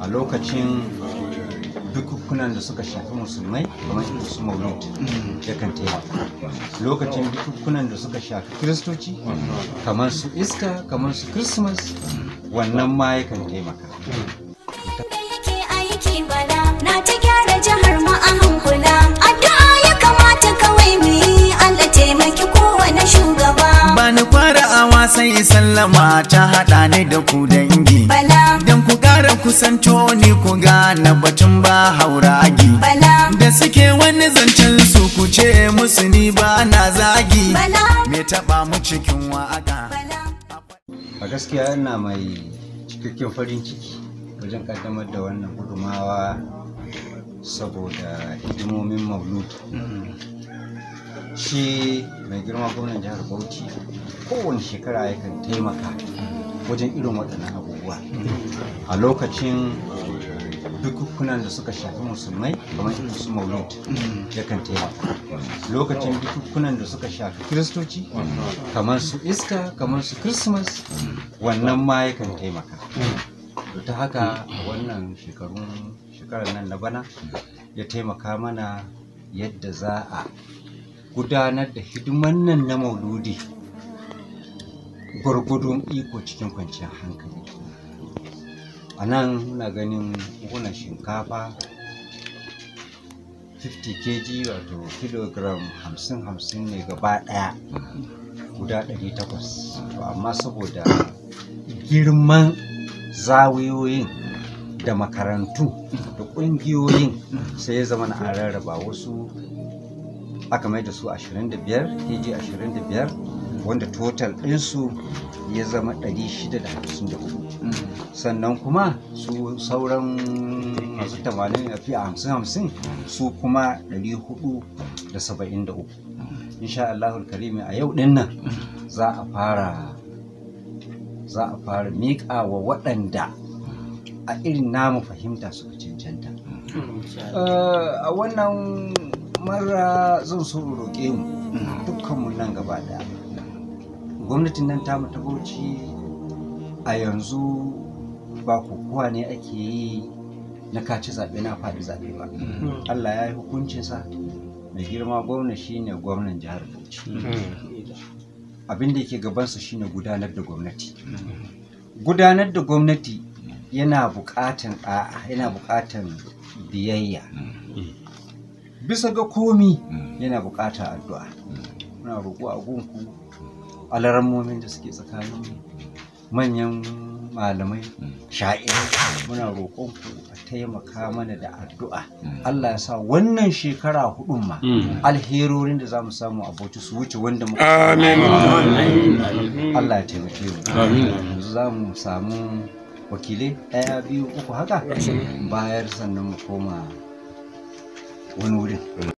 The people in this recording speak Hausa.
a lokacin bukukunan da suka shafi musulmai kamar inda su maulid mm. kan taimaka lokacin bukukunan da suka shafi kiristoci kamar su iska, kamar su christmas wannan ma ya kan taimaka Bani kwara a wasan sallama ta haɗa ni da ku dangi. Bala Idan ku gara kusanto ni ku ga na batun ba hauragi da suke wani zancen su ku ce musu ni ba na zagi me taba mu cikin waka a gaskiya ina mai cikakken farin ciki wajen kaddamar da wannan gudumawa saboda hidimomin maulud shi mai girma gwamnan jihar bauchi kowane shekara yakan taimaka wajen irin waɗannan abu abubuwa a lokacin eh, bukukunan da suka shafi musulmai kamar irin su maulid kan taimaka lokacin bukukunan da suka shafi kiristoci kamar su ista kamar su christmas wannan ma ya yakan taimaka ta haka a wannan shekarun shekarar nan na bana ya taimaka mana yadda za a gudanar da hidiman nan na mauludi gwargwadon iko cikin kwanciyar hankali a nan muna ganin gona shinkafa 50 kg wato kilogram 50-50 ne gaba daya guda 800 to amma saboda girman zawiyoyin da makarantu da ƙungiyoyin sai ya zama na ararraba rarraba wasu aka mai da su 25 kg 25 wanda total ɗinsu ya zama 654 sannan kuma su sauran masu 80 fi 50-50 su kuma 473 insha Allah karimi a yau ɗin nan za a fara za a fara miƙa wa waɗanda a irin namu fahimta suka cancanta eh, a wannan mara zan so roƙe mu dukkanmu nan gaba ɗaya gwamnatin nan tamu ta bauchi a yanzu ba kokowa ne ake yi na kaci zaɓe na faɗi zaɓe ba mm. allah ya yi hukuncinsa mai girma gwamna shine gwamnan jihar bauchi mm. abin da yake gabansa shine gudanar da gwamnati gudanar da gwamnati yana buƙatan ɗa'a yana buƙatan biyayya mm. bisa ga komi yana buƙatar addu'a muna roƙo a gunku alarammomin da suke tsakanin manyan malamai mm. sha'ira. Mm. muna roƙon ku a taimaka mana da addu'a mm. Allah ya sa wannan shekara hudun ma alherorin da za mu samu a bauchi su wuce wanda muka amin Allah ya taimake mu amin za mu samu wakilai ɗaya biyu uku haka bayar sannan mu koma wani wurin